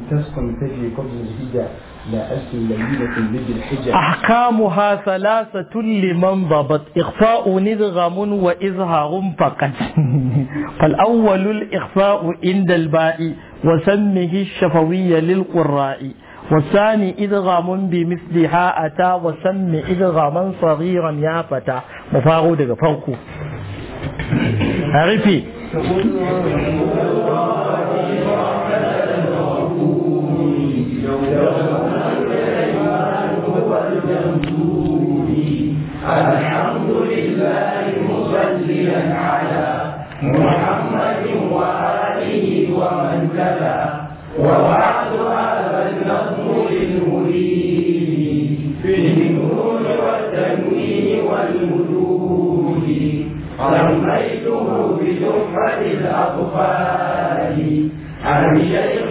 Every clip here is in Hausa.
تجري لا ألف أحكامها ثلاثة لمن ضبط إخفاء نذغم وإظهار فقط فالأول الإخفاء عند الباء وسمه الشفوي للقراء والثاني إدغام بمثلها أتى وسم إدغاما صغيرا يا فتى مفاغو دقا فوقو عرفي الأطفال عن شيخ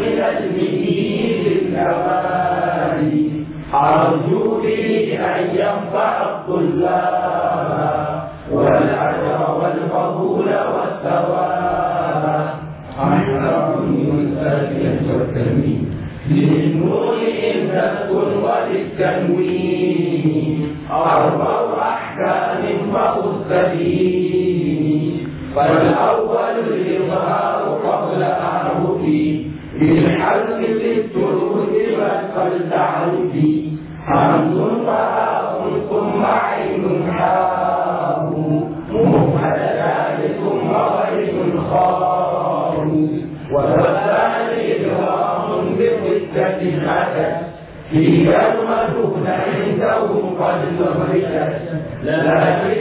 أرجو به أن ينفع الطلاب والعجر والفضول والثواب عن مسافر والتمييز للنور إنسان وللتنوين أربع أحكام فأستفيد فالأول الإظهار قبل تعرف بالحذف للثلوث والتعرف حمد فاء ثم عين حاء مفرد ثم غير خاء وثاني إبهام بقدة أتت في تبنى عنده قد مهلكت لكن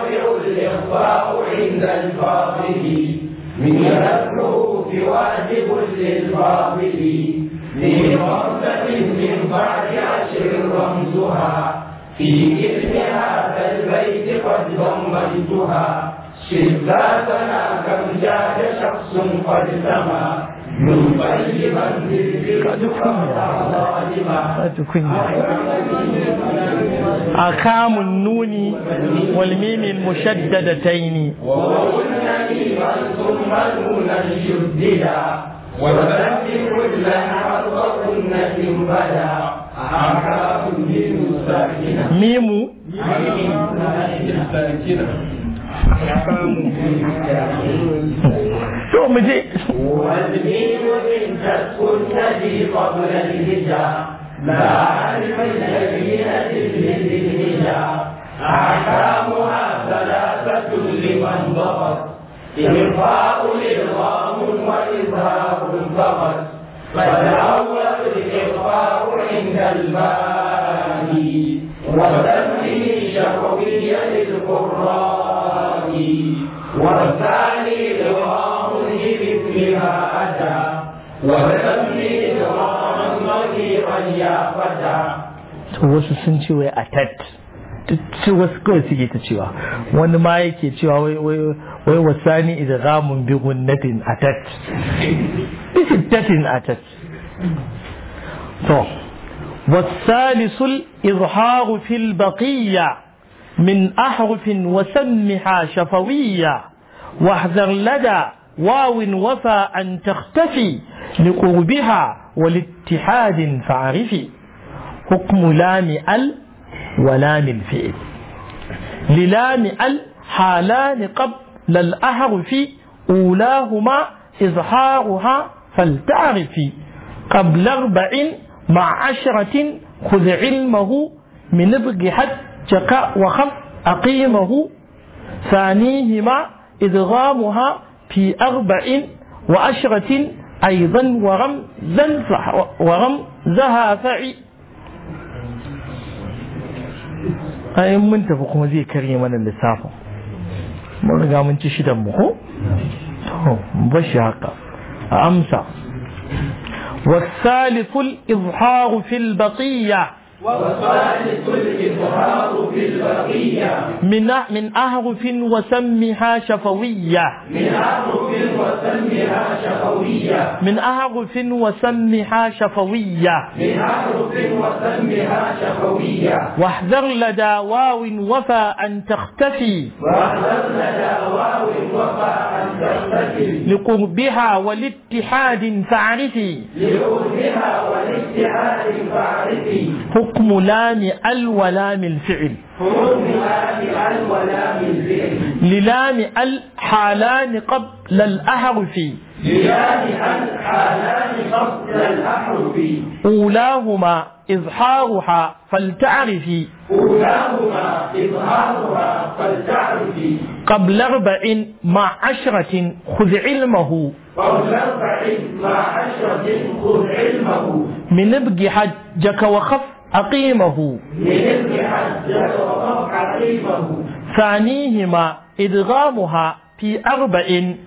الإخفاء عند الفاضل من المبعوث واجب للفاضل ذي غرفة من بعد عشر رمزها في اسم هذا البيت قد ضمنتها شداتنا كم جاد شخص قد سما أقام النون والميم المشددتين وقلنا لمن ثم النون شددا وسبح كل حرفهن تنبدا أحرف ميم ساكنة ميم ميم ساكنة اليوم جئت والدين إن تسكن لي قبل الهجاء ما علم عرف المدينة للهجاء أحكامها ثلاثة لمن ضبط إرفاع إرغام وإظهار ضبط فالأول الإرفاع عند الماء وتنمي شرعية القراء والثاني to wasu sun ce wai a tat ce wasu kawai suke ta cewa wani ma yake cewa wai wasani idan ramun bi gunnatin a tat bishiddatin a tat to والثالث الإظهار في البقية من أحرف وسمها شفوية واحذر لدى واو وفى أن تختفي لقربها ولاتحاد فعرفي حكم لام ال ولام الفعل للام ال حالان قبل الأهر في أولاهما إظهارها فلتعرفي قبل أربع مع عشرة خذ علمه من ابغ حجك وخف أقيمه ثانيهما إدغامها في أربع وعشرة أيضا ورمزا ورمزها فعي أي من تفقه زي كريم أنا اللي سافه riga قام أنت شد mu ko to والثالث الإظهار في البقية من من أحرف وسمها شفوية من أحرف وسمها شفوية من أحرف وسمها شفوية من أحرف وسمها شفوية واحذر لدى واو وفى أن تختفي واحذر لدى واو وفى أن تختفي لقربها ولاتحاد فاعرفي لقربها ولاتحاد فاعرفي حكم ال ولام الفعل للام ال حالان قبل الأحرف للام الحالان قبل الأحرف أولاهما إظهارها فلتعرفي أولاهما إظهارها فلتعرفي قبل أربع مع عشرة خذ علمه قبل أربع مع عشرة خذ علمه من ابق حجك وخف أقيمه ثانيهما إدغامها في أربع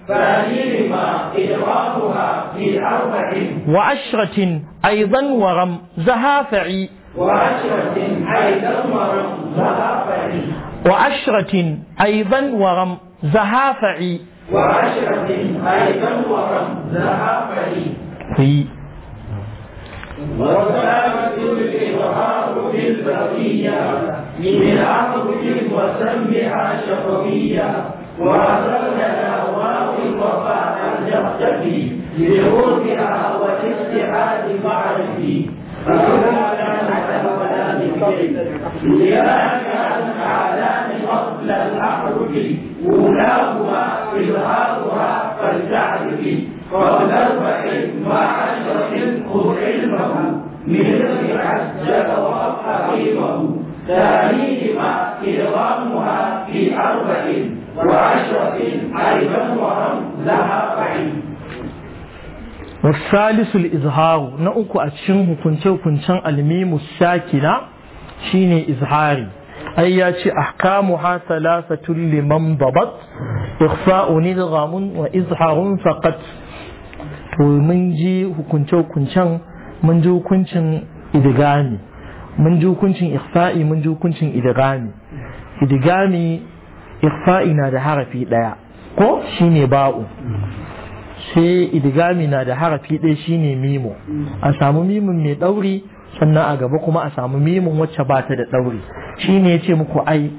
ثانيهما إدغامها في أربع وعشرة أيضا ورم زهافعي وعشرة أيضا ورم زهافعي وعشرة أيضا ورم زهافعي وعشرة أيضا ورم زهافعي وسلامة الإبهام في البقية من عقد وسمها شفقية وأرسلنا أهواء الوفاء أن تختفي لعودها والاتحاد معرفي أخبرنا تهونا بكيد ليراك عن أعلام أصل الأحرف أولاهما إظهارها فلتعرفي قبل الرحيم مع خذ علمه بهرك عزك وأبقى علمه تعليمها إدغامها في أربع والثالث الإظهار نأكو أتشنه كنتو كنتن الميم الساكنة شيني إظهاري أي ياتي أحكامها ثلاثة لمن ضبط إخفاء إدغام وإظهار فقط to mun ji hukunce-hukuncen mun ji hukuncin idigami mun ji hukuncin ihsa'i mun ji hukuncin idigami idigami ihsa'i na da harafi ɗaya ko shi ne ba'u sai idigami na da harafi ɗaya ne mimo a samu mimin mai ɗauri sannan a gaba kuma a samu mimin wacce ba ta da ɗauri ne ya ce muku ai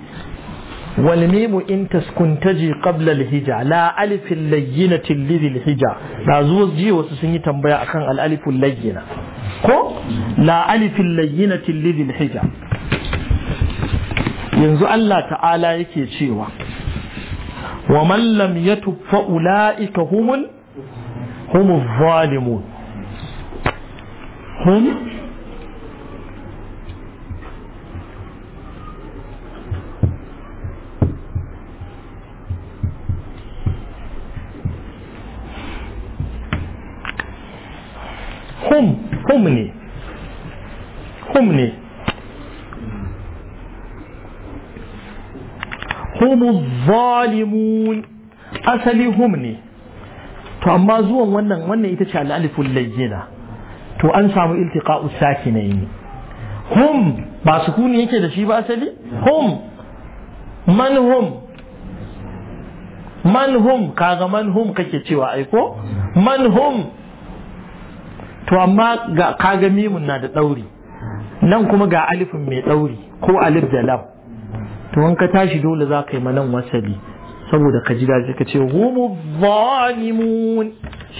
والميم إن تسكن تجي قبل الهجا لا ألف اللينة لذي الهجا لا زوز جي وسسيني تنبيع أخان الألف اللينة كو لا ألف اللينة لذي الهجا ينزو الله تعالى يكي شيوا ومن لم يتب فأولئك هم هم الظالمون هم zalimun asali hum ne to amma zuwan wannan wannan ita ce al'alifun layyina to an samu iltiqa'u sakinaini hum ba sukuni yake da shi ba asali hum man hum man hum kaga man hum kake cewa aiko man hum to amma ga kaga mimun na da dauri nan kuma ga alifin mai dauri ko alif da lam to an ka tashi dole za ka yi manan wasali saboda ka ji daji ka ce humu zalimun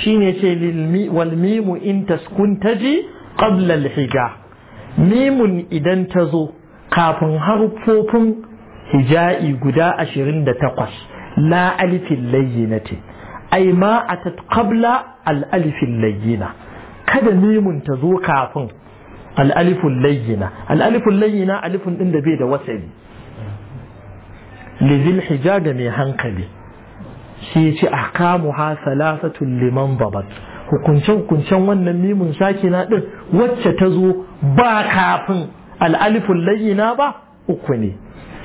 shine ce wal mimu in taskun taji qabla al hija mimun idan ta zo kafin harfofin hija'i guda ashirin da takwas la alifin layyinati ai ma a qabla al alifin layyina kada mimun ta zo kafin al alifin layyina al alifin layyina alifin din da bai da wasali lizil hija mai hankali shi ya ce ahkamu ha salafatun liman babat hukunce-hukuncen wannan mimun sakina din wacce ta zo ba kafin al'alifun layina ba uku ne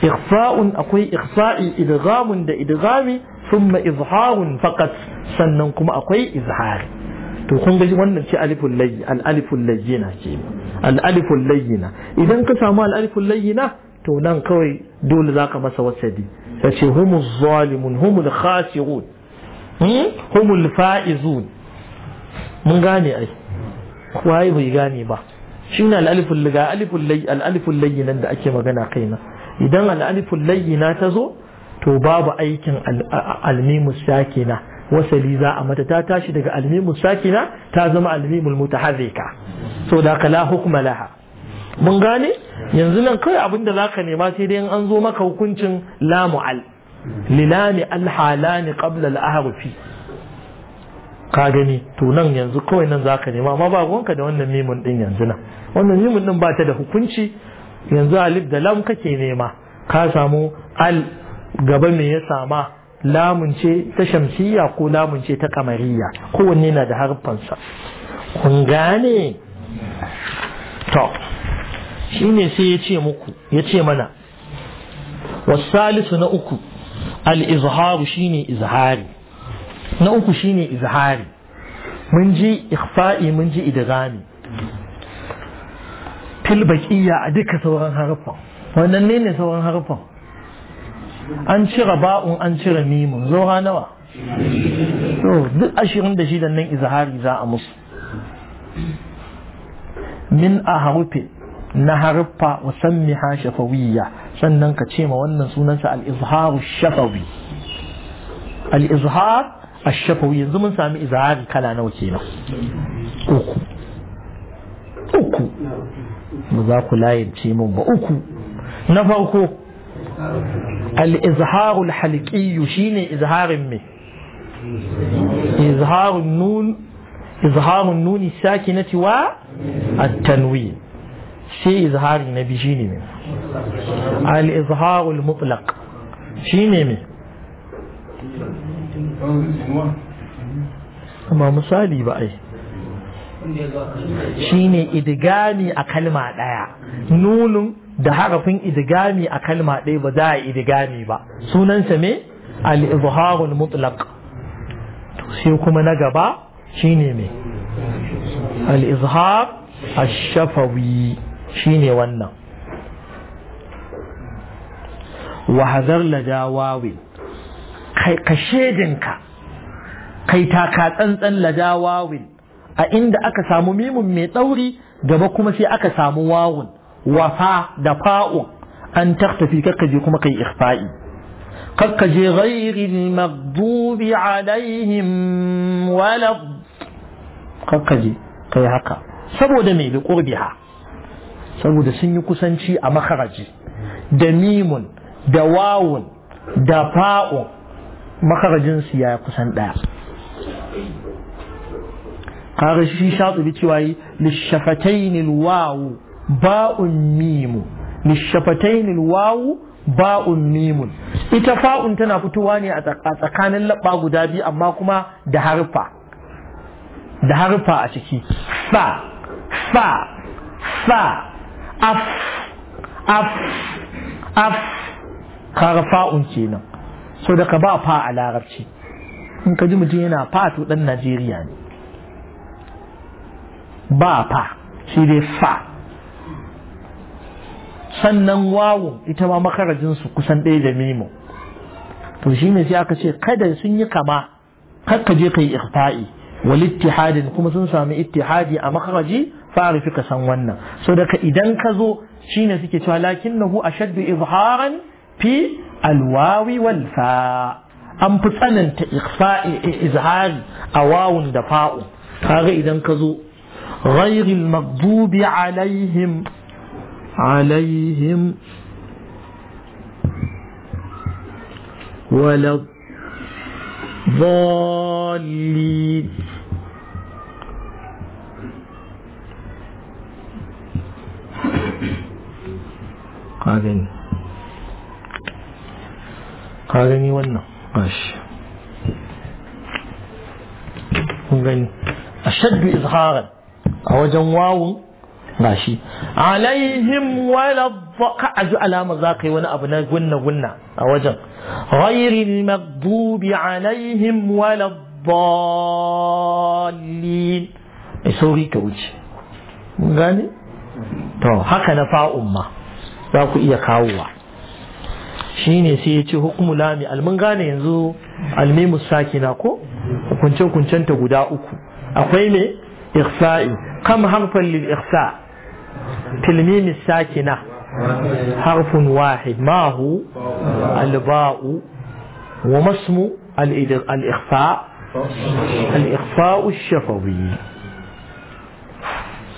ikhfa'un akwai ikhfa'i idghamun da idghami thumma izharun fakat sannan kuma akwai izhari to kun ga wannan ce alifun layyi al-alifun layyina ce al-alifun layyina idan ka samu al-alifun layyina to nan kawai dole zaka masa wasadi yace humu zalimun humul khasirun hmm? humul faizun mun gane ai waye bai gane ba shi ne al'alifin liga al'alifin layyinan da ake magana kaina idan al'alifin layyina ta zo to babu aikin almimus sakina wasali za a mata ta tashi daga almimus sakina ta zama almimul mutaharrika so da kala hukuma mun gane yanzu nan kai abin da zaka nema sai dai an zo maka hukuncin la mu'al lilami alhalani qabla al-ahrufi ka gani to nan yanzu kawai nan zaka nema amma ba gonka da wannan mimun din yanzu nan wannan mimun din ba ta da hukunci yanzu alif da lam kake nema ka samu al gaba me ya sama lamun ce ta shamsiyya ko lamun ce ta kamariya kowanne na da harfansa kun gane to Shi ne sai ya ce muku ya ce mana wasalisu na uku al shi shine izhari na uku shine izhari mun ji ikfa’i mun ji idghami fil baqiyya a duka sauran harfan wannan ne ne sauran harfan an cire ba'un an cire mimun zora nawa So duk ashirin da shidan nan izhari za a musu min a harufin na harfa musammiha shafawiyya sannan ka ce ma wannan sunansa al-izharu shafawi al-izhar ash-shafawi yanzu mun sami izhari kala nawa kenan uku uku ba za ku layance mun ba uku na farko al-izharu al-halqi shine izharin me izharun nun izharun nuni sakinati wa at-tanwin sai izhari na bi shine ne mai al’izharul mutlaq shine ne amma misali ba ai shine idigami a kalma ɗaya nunun da harafin idigami a kalma ɗaya ba za a idigami ba sunansa mai al’izharul mutlaq to sai kuma na gaba shine ne mai al’izhar الشفوي shine wannan wa hazar la dawawin kai ka shedinka kai taka tsantsan la dawawin a inda aka samu mimun mai tsauri gaba kuma sai aka samu wawun wafa da fa'un an taktafi kakkaje kuma kai ikhfa'i kakkaje ghairil maghdubi alaihim wala kakkaje kai haka saboda mai bi qurbiha saboda sun yi kusanci a makaraji da mimun da wawun da fa'un makarajinsu ya kusan ɗaya kare shi tsubi cewa yi lishafatainin wawu ba'un mimu lishafatainin wawu ba'un mimun ita fa'un tana fitowa ne a tsakanin laɓa guda biyu amma kuma da harfa da harfa a ciki fa fa fa af af af kaga fa'un kenan so da ka ba fa a larabci in ka ji mutum yana fa to dan Najeriya ne ba fa shi dai fa sannan wawun ita ma makarajin su kusan ɗaya da mimo to ne sai aka ce kada sun yi kama kar ka je kai ikhfa'i wal ittihadin kuma sun sami ittihadi a makaraji فاعرف كسنونا سودك إذن كذو شين سكتوا لكنه أشد إظهارا في الواو والفاء أم بسنن إخفاء إظهار أواو دفاء فاغ إذن كذو غير المغضوب عليهم عليهم ولا ضالين ka gani ka gani wannan gashi gani. A shaddu izharan a wajen wawun gashi alaihim wala ka aji alama za ka yi wani abu na gunna gunna a wajen ghairil maghdubi alaihim wala dallin sauri ka wuce gani. to haka na fa'un ma za ku iya kawowa shine sai ya ce hukumu lami almun gane yanzu almimu sakina ko hukunce hukuncenta guda uku akwai me ihsa'i kam harfan lil ihsa tilmimi sakina harfun wahid ma hu alba'u wa masmu al-ikhfa al-ikhfa al-shafawi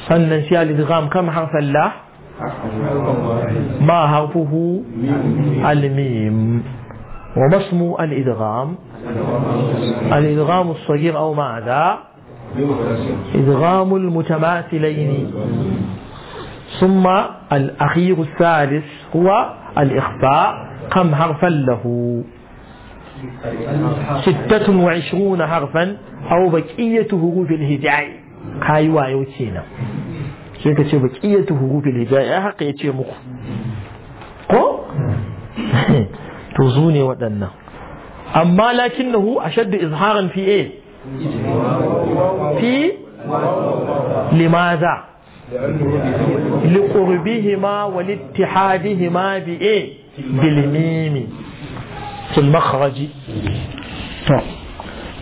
sannan sai al كم حرف harfan ما حرفه الميم وما اسم الإدغام الإدغام الصغير أو ماذا إدغام المتماثلين ثم الأخير الثالث هو الإخفاء كم حرفا له ستة وعشرون حرفا أو بقية حروف الهجاء kayi yau kenan sai ka ce baki ya baqiyatu hurufil hijaya haka yace muku ko to zu ne waɗannan amma lakinnahu ashaddu izharan fi a fi limaza لقربهما ولاتحادهما بإيه بالميم في المخرج طب.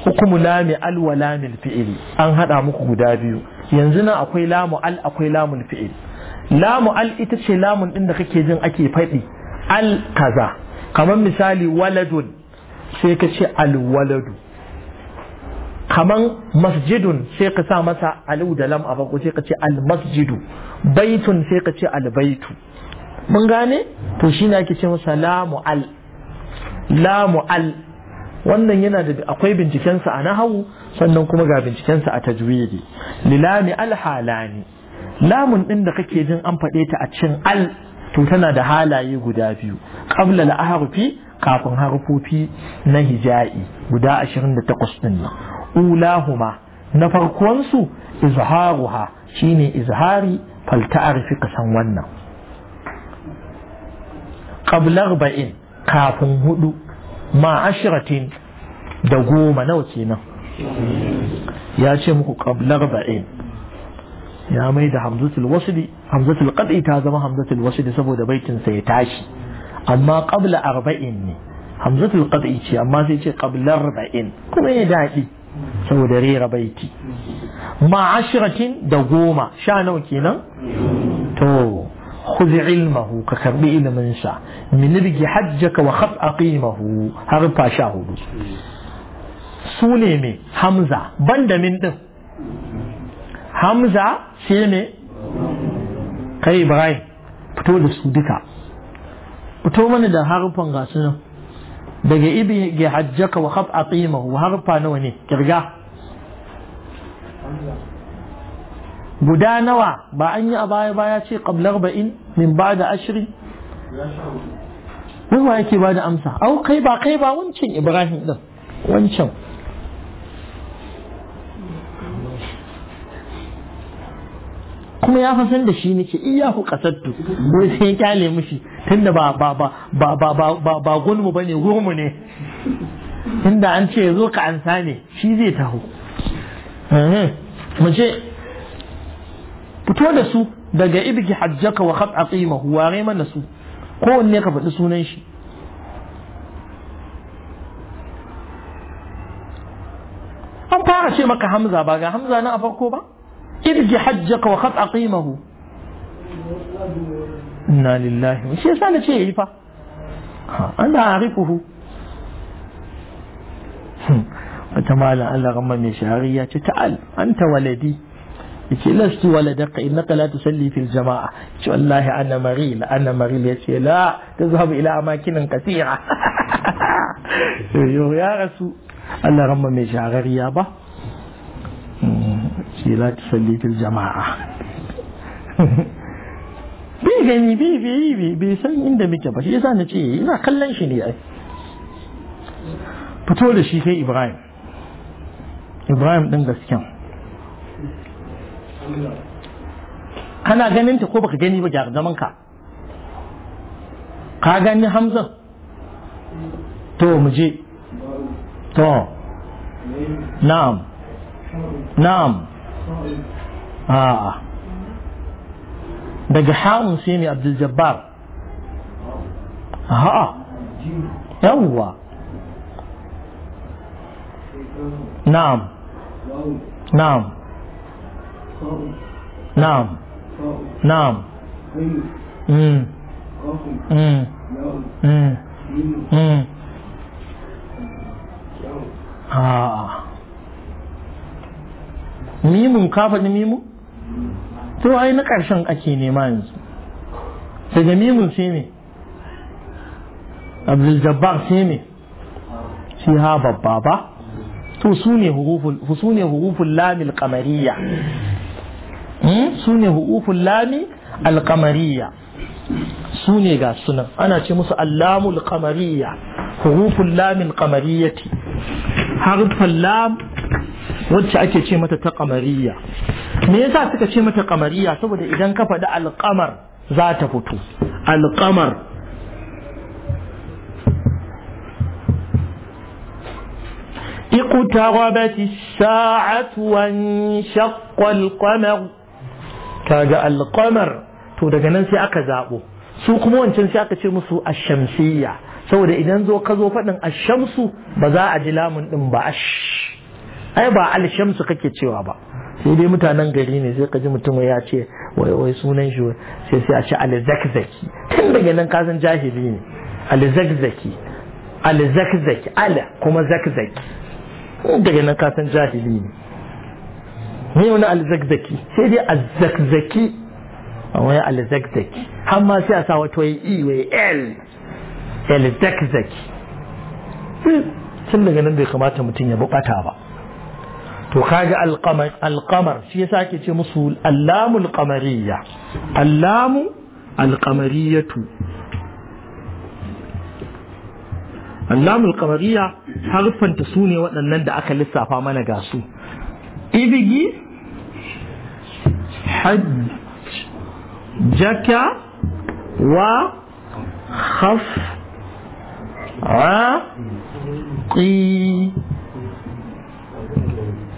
hukumu lami al wa lamil fi'ili an hada muku guda biyu yanzu nan akwai lamu al akwai lamul fi'il lamu al ita ce lamun din da kake jin ake faɗi al kaza kamar misali waladun sai ka ce al waladu kaman masjidun sai ka sa masa alu da lam a bako sai ka ce al masjidu baitun sai ka ce al baitu mun gane to shine ake ce masa lamu al lamu al wannan yana da akwai bincikensa a nahawu sannan kuma ga bincikensa a tajwidi lilami alhalani lamun din da kake jin an faɗe ta a cikin al to tana da halaye guda biyu qabla al ahrufi kafin harfofi na hija'i guda 28 din nan ulahuma na farkon su izharuha shine izhari fal ta'rifi ka san wannan qabla arba'in kafin hudu ma ashiratin da goma nawa kenan ya ce muku qablar ba'in ya mai da hamzatul wasli hamzatul qad'i ta zama hamzatul wasli saboda baitin sa ya tashi amma qabla arba'in ne hamzatul qad'i ce amma sai ce qabla ba'in. kuma ya dadi saboda rera baiti ma ashiratin da goma sha nawa kenan to خذ علمه ككرب إلى من شاء من رجي حجك وخف أقيمه هرب شاهد سوليمي حمزة بند من ده حمزة سيمي kai Ibrahim fito da su duka fito mana da harufan gasu nan daga ibi hajjaka wa haf aqimahu harfa nawa ne kirga guda nawa ba an yi a baya baya ce kablar ba'in min ba da ashirin nan wa yake ba da amsa au kai ba kai ba wancan ibrahim din wancan kuma ya fasan da shi nake iyahu kasattu ko sai ya kyale mishi tunda ba ba ba ba ba ba ba bane gurmu ne tunda an ce zo ka ansa ne shi zai taho eh, eh. mu ce fito da su daga ibki hajjaka wa khat aqimahu ware mana su kowanne ka faɗi sunan shi an fara ce maka hamza ba ga hamza na a farko ba ibki hajjaka wa khat aqimahu inna lillahi shi yasa na ce yi fa An ana arifuhu hm, wata malam Allah ramma mai shari'a ce ta'al anta waladi yace lastu waladaka innaka la tusalli fil jama'a ce wallahi ana maril ana maril yace la tazhabu ila amakinin katira yo ya rasu Allah ramma mai shagariya ba ce la tusalli fil jama'a bi gani bi bi bi bi san inda muke ba shi yasa na ce ina kallon shi ne ai fito da shi sai Ibrahim Ibrahim din gasken kana ganin ta ko baka gani ba jar zaman ka ka gani hamza to mu je to na'am na'am a'a daga Harun sai ne abdul jabbar a'a yawwa na'am na'am نعم نعم امم mimun kafa faɗi mimun? to ai na ƙarshen ake nema yanzu daga mimun sai ne abdul-jabbar sai ne shi ha babba ba to su ne hurufun lamil kamariya Hmm? su ne hu'ufun lami alkamariya su ne ga sunan ana ce musu allamul kamariya hurufun lamin kamariyati harfan lam wacce ake ce mata ta kamariya me yasa suka ce mata kamariya saboda idan ka faɗi alkamar za ta fito alkamar اقتربت الساعة shakwal kwanar kaga alqamar to daga nan sai aka zaɓo su kuma wancan sai aka ce musu ashamsiyya saboda idan zo ka zo faɗin ashamsu ba za a ji lamun ɗin ba ash ai ba alshamsu kake cewa ba sai dai mutanen gari ne sai ka ji mutum ya ce wai wai sunan shi sai sai a ce alzakzaki tun daga nan kasan jahili ne alzakzaki alzakzaki ala kuma zakzaki daga nan kasan jahili ne ne wani alzakzaki sai dai alzakzaki wani alzakzaki har ma sai a sa wata wai e wai l alzakzaki tun daga nan bai kamata mutum ya bukata ba to kaga alkamar shi ya sake ce musu allamu qamariyya allamu alqamariyatu allamu alkamariya harfanta su ne waɗannan da aka lissafa mana ga su إبجي حجك وخف عقي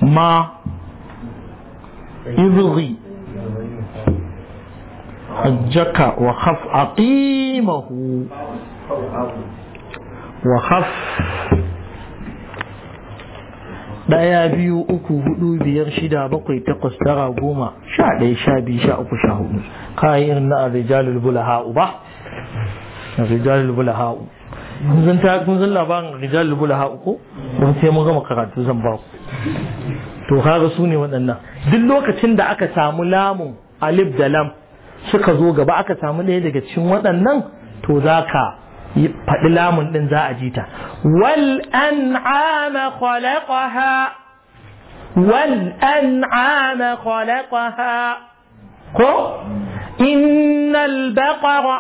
ما يبغي حجك وخف عقيمه وخف ɗaya biyu uku hudu biyar shida bakwai takwas tara goma sha ɗaya sha biyu sha uku sha hudu kayan irin na bula ha'u ba arijalul bula ha'u san ta kun san labarin bula ha'u ko kun sai mun gama karatu zan ba ku to kaga su ne waɗannan duk lokacin da aka samu lamun alif da lam suka zo gaba aka samu ɗaya daga cikin waɗannan to za ka faɗi lamun ɗin za a ji ta wal an'ama khalaqaha wal an'ama khalaqaha ko innal baqara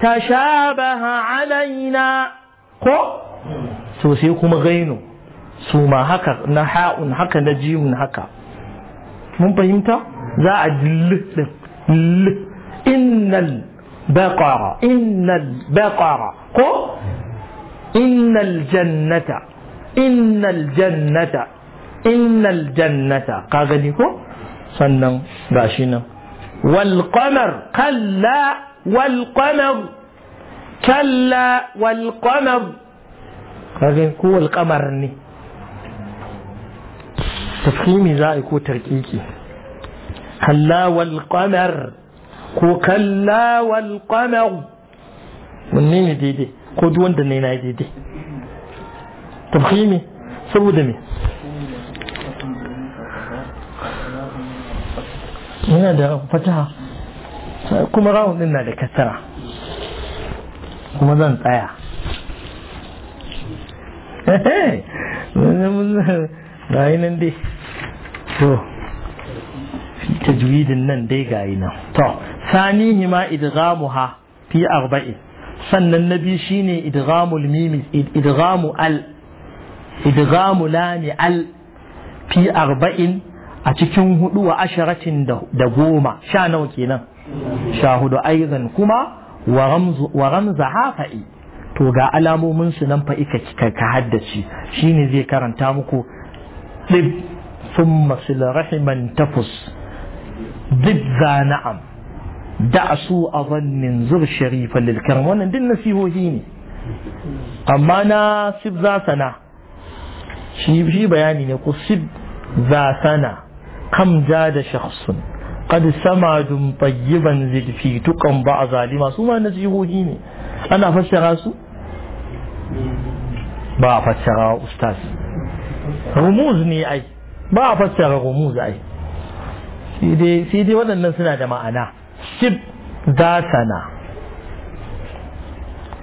tashabaha alaina ko to sai kuma gainu su ma haka na ha'un haka na jimun haka mun fahimta za a dillin innal بقرة إن البقرة قو إن الجنة إن الجنة إن الجنة قاغنيكو سنن باشينا والقمر كلا والقمر كلا والقمر قاغنيكو والقمر ني تفخيمي زائكو تركيكي كلا والقمر ko kalla wal qamar wanne ne daidai ko duk wanda ne na daidai tafhimi saboda me yana da fataha kuma rawun din na da kasara kuma zan tsaya gayi nan dai to din nan dai yi nan to ثانيهما إدغامها في أربع سن النبي شيني إدغام الميم إدغام ال إدغام لام ال في أربع أتكون هدو عشرة دقوما شانو كينا شاهد أيضا كما ورمز ورمزها فإي to ga alamomin su nan fa ika ka haddace shine zai karanta muku dib thumma sil rahiman tafus dib za na'am da su a zannin zur sharifan lilkar wannan din nasihohi ne amma na sib za sana shi shi bayani ne ku sib za sana kam ja da shakhsun qad dum tayyiban zid fi tuqan ba zalima su ma nasihohi ne ana fassara su ba a fassara ustaz rumuz ne ai ba a fassara rumuz ai Sai dai, sai dai waɗannan suna da ma'ana sib dasana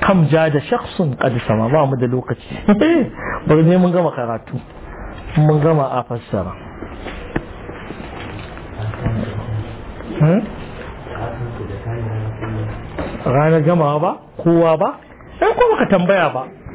kam ja da shakhsun qad ba mu da lokaci bari ne mun gama karatu mun gama a hmm? ranar gamawa ba kowa ba ɗan eh, kuma tambaya ba